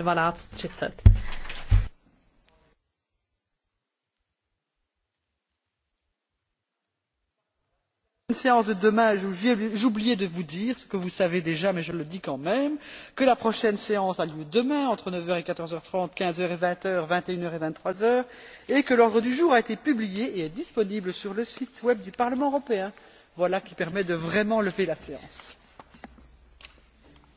12.30. séance de demain j'oubliais de vous dire ce que vous savez déjà mais je le dis quand même que la prochaine séance a lieu demain entre neuf h et quatorze h trente quinze h et vingt h vingt et une h et vingt trois h et que l'ordre du jour a été publié et est disponible sur le site web du parlement européen voilà qui permet de vraiment lever la séance.